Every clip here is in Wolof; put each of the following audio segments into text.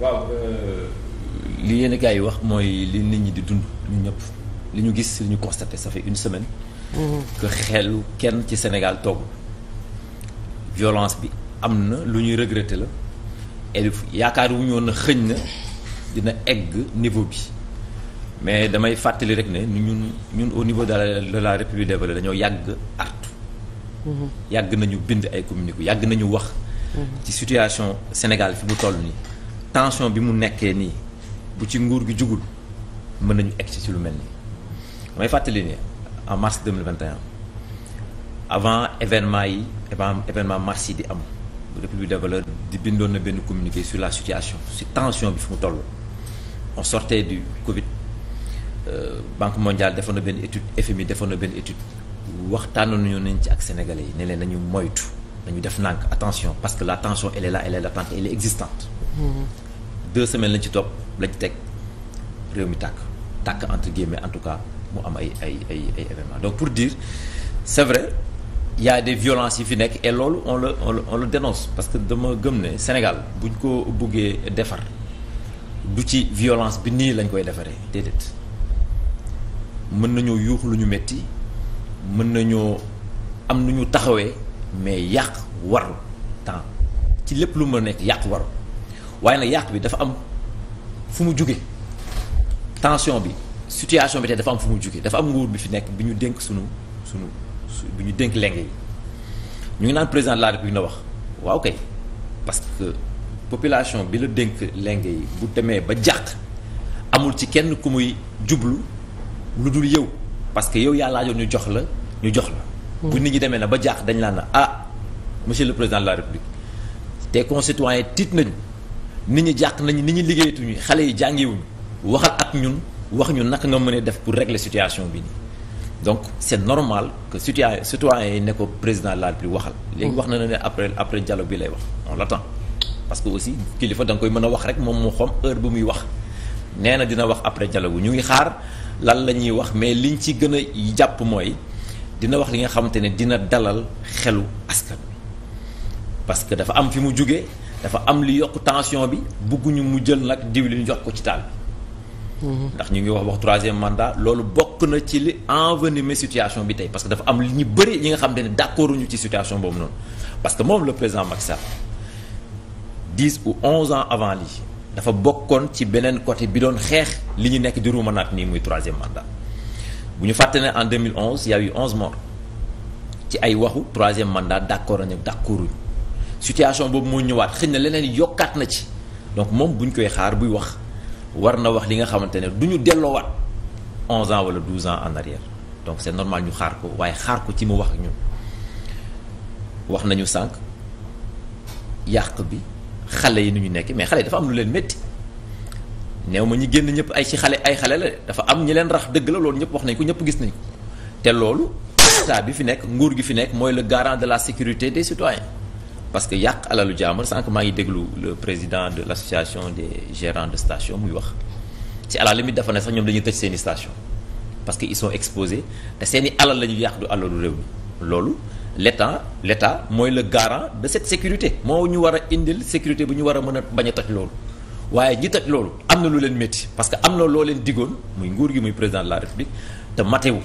waaw euh, li yenn gars yi wax mooy li nit ñi di dund ñun ñëpp li ñu gis li ñu constaté ça fait une semaine. Mm-hmm. que xelu kenn ci Sénégal toogul. violence bi am na lu ñuy regretter la et yaakaar wu ñu woon na xëñ na dina egg niveau bi mais damay fàttali rek ne ñun ñun au niveau de la de la République des Valeurs dañoo yàgg artu mm-hmm. yàgg nañu bind ay communiqué yàgg nañu wax. Mm-hmm. ci situation Sénégal fi mu toll nii. tension bi mu nekkee nii bu ci nguur gi jugul mën nañu egg ci lu mel nii damay fàttali ne en mars avant événement yi avant événement mars yi di am République di bindoon na benn communiqué sur la situation sur tension bi fi mu toll on sortait du Covid euh, Banque mondiale defoon na benn étude FMI defoon na benn étude waxtaanoon nañu nañ ci ak sénégalais yi ne leen nañu moytu nañu def nànk attention parce que la tension elle est là elle est latente elle existante deux semaines lañ ci topp lañ ci teg réew mi tàkk tàkk entre guillemets en tout cas mu am ay ay ay ay événements donc pour dire c'est vrai il y a des violences yi fi nekk et loolu on le on le on le dénonce parce que dama gëm ne Sénégal bu buñ ko buggee defar du ci violence bi nii lañ koy defaree déedéet mën nañoo yuux lu ñu metti mën nañoo am nu ñu taxawee mais yàq waru temps ci lépp lu mën nekk yàq waru waaye nag yàq bi dafa am fu mu jóge tension bi situation bi tey dafa am fu mu jóge dafa am nguur bi fi nekk bi ñu dénk sunu sunu bi ñu dénk leng yi ñu ngi naan président de la république na wax waaw kay parce que population bi la dénk lenge yi bu demee ba jàq amul ci kenn ku muy jublu lu dul yow parce que yow yàlla laajoon ñu jox la ñu jox la. bu nit ñi demee na ba jàq dañ laa na ah monsieur le président de la république tes concitoyens tiit nañ nit ñi jàq nañu nit ñi liggéeyatuñu xale yi jàngiwuñu waxal ak ñun wax ñu naka nga mënee def pour régler situation bi nii donc c' est normal que citoyen citoyen yi ne ko président de la République waxal. léegi wax na ne après après dialogue bi lay wax on l' attend parce que aussi kilifa da nga koy mën a wax rek moom moo xam heure bu muy wax nee na dina wax après dialogue bi ñu ngi xaar lan la ñuy wax mais liñ ci gën a jàpp mooy dina wax li nga xamante ne dina dalal xelu askan wi parce que dafa am fi mu jugee. dafa am li yokk tension bi bugguñu mu jël nag diwlin jox ko ci taal bi. Mhm. ndax ñu ngi wax wax troisième mandat loolu bokk na ci li envenimé situation bi tey parce que dafa am li ñu bëri ñi nga xam ne d'accord ñu ci situation boobu noonu. parce que moom le président Macky Sall dix ou onze ans avant lii dafa bokkoon ci beneen côté bi doon xeex li ñu nekk di ruumanaat nii muy troisième mandat bu ñu fàtte ne en 2011 il y a eu onze morts ci ay waxu troisième mandat d'accord nañu d'accorduñu situation boobu moo ñëwaat xëy na leneen yokkaat na ci donc moom bu ñu koy xaar buy wax war na wax li nga xamante ne du ñu delloowaat 11 ans wala 12 ans en arrière donc c'est normal ñu xaar ko waaye xaar ko ci mu wax ak ñun wax nañu sànq yàq bi xale yi nu ñu nekk mais xale yi dafa am leen métti néew ma ñi génn ñëpp ay ci xale ay xale la dafa am ñi leen rax dëgg la loolu ñëpp wax nañ ko ñëpp gis nañ ko te loolu état bi fi nekk nguur gi fi nekk mooy le garant de la sécurité des citoyens parce que yàq alalu jaamur sànq maa ngi déglu le président de l' association des gérants de station muy wax ci à la limite dafa ne sax ñoom dañuy tëj seeni i station parce que ils sont exposés te seen i alal la ñuy yàq du alalu réew mi loolu l' état l' mooy le garant de cette sécurité moo ñu war a indil sécurité bu ñu war a mën a bañ a toj loolu waaye ñi toj loolu am na lu leen métti parce que am na loo leen diggoon muy nguur gi muy président de la république te matewu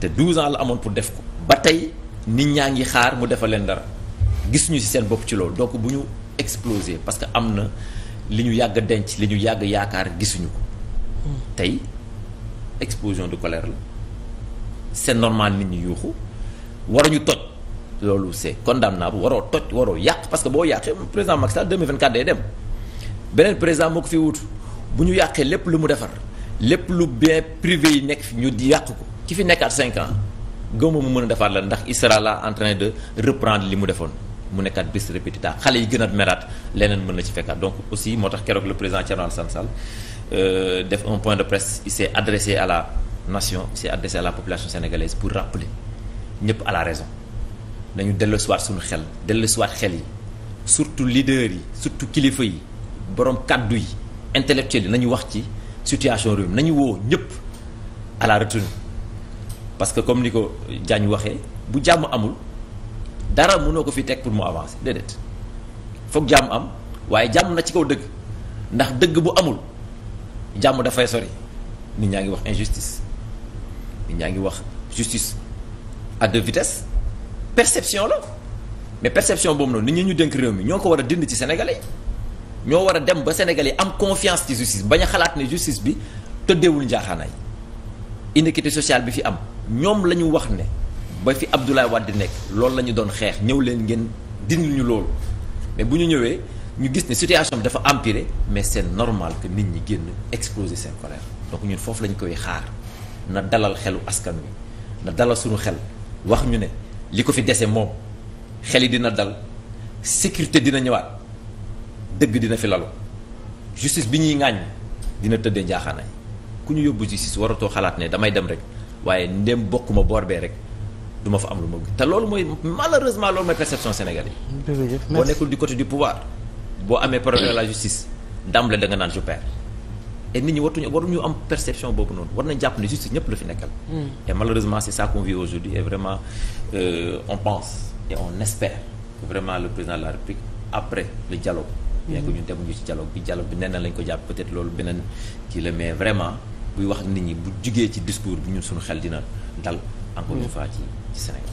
te 12 ans la amoon pour def ko ba tey nit ñaa ngi xaar mu defal leen dara gisuñu si seen bopp ci loolu donc bu ñu exploser parce que am na li ñu yàgg denc li ñu yàgg yaakaar gisuñu ko tey explosion de colère la c'est normal ni ñi yuuxu ñu toj loolu c'est condamnable waroo toj waroo yàq parce que boo yàqee président Macky Sall 2024 day dem beneen président moo ko fi wut bu ñu yàqee lépp lu mu defar lépp lu bien privé yi nekk fi ñu di yàq ko ki fi nekkaat cinq ans gëmuma mu mën a defaat la ndax il sera là de reprendre li mu defoon mu nekkaat bis répétita xale yi gën a meraat leneen mën na ci fekkaat donc aussi moo tax keroog le président Thierno Alassane Sall euh, def un point de presse il s'est adressé à la nation il s'est adressé à la population sénégalaise pour rappeler ñëpp à la raison nañu dellusiwaat suñu xel dellusiwaat xel yi surtout leader yi surtout kilifa yi borom kàddu yi intellectuels yi nañu wax ci situation réew nañu woo ñëpp à la retenue parce que comme ni ko Diagne waxee bu jàmm amul. dara mënoo ko fi teg pour mu avancer déedéet foog jàmm am waaye jàmm na ci kaw dëgg ndax dëgg bu amul jàmm dafay sori nit ñaa ngi wax injustice nit ñaa ngi wax justice à de vitesses perception la mais perception boobu noonu nit ñi ñu dénk réew mi ñoo ko war a dind ci Sénégalais yi ñoo war a dem ba Sénégalais yi am confiance ci justice bañ a xalaat ne justice bi tëddeewul njaaxaanaay inéquité sociale bi fi am ñoom la ñu wax ne. ba fi Abdoulaye Wade nekk loolu lañu doon xeex ñëw leen ngeen dindil ñu loolu mais bu ñu ñëwee ñu gis ne situation bi dafa empiré mais seen normal que nit ñi génn exposé seen colère donc ñun foofu lañ koy xaar na dalal xelu askan wi na dalal suñu xel wax ñu ne li ko fi dese moom xel yi dina dal sécurité dina ñëwaat dëgg dina fi lalu justice bi ñuy ŋaañ dina tëddee njaaxaanaay ku ñu yóbbu justice waratoo xalaat ne damay dem rek waaye ndem bokkuma boor rek duma fa am lu ma te loolu mooy malheureusement loolu mooy perception sénégalais yi. boo nekkul di côté du pouvoir boo amee problème de justice d'emblée da nga naan je perds. et nit ñi wartuñu waruñu am perception boobu noonu war na jàpp ne justice ñëpp la fi nekkal. Hmm. et malheureusement c'est ça qu'on vit aujourd'hui et vraiment euh, on pense et on espère que vraiment le président de la République après le dialogue. bien que hmm. ñun demuñu ci dialogue bi dialogue bi nee na lañ ko jàpp peut-être loolu beneen kii la mais vraiment buy wax nit ñi bu jugee ci discours bi ñun suñu xel dina dal. encore une hmm. ci Sénégal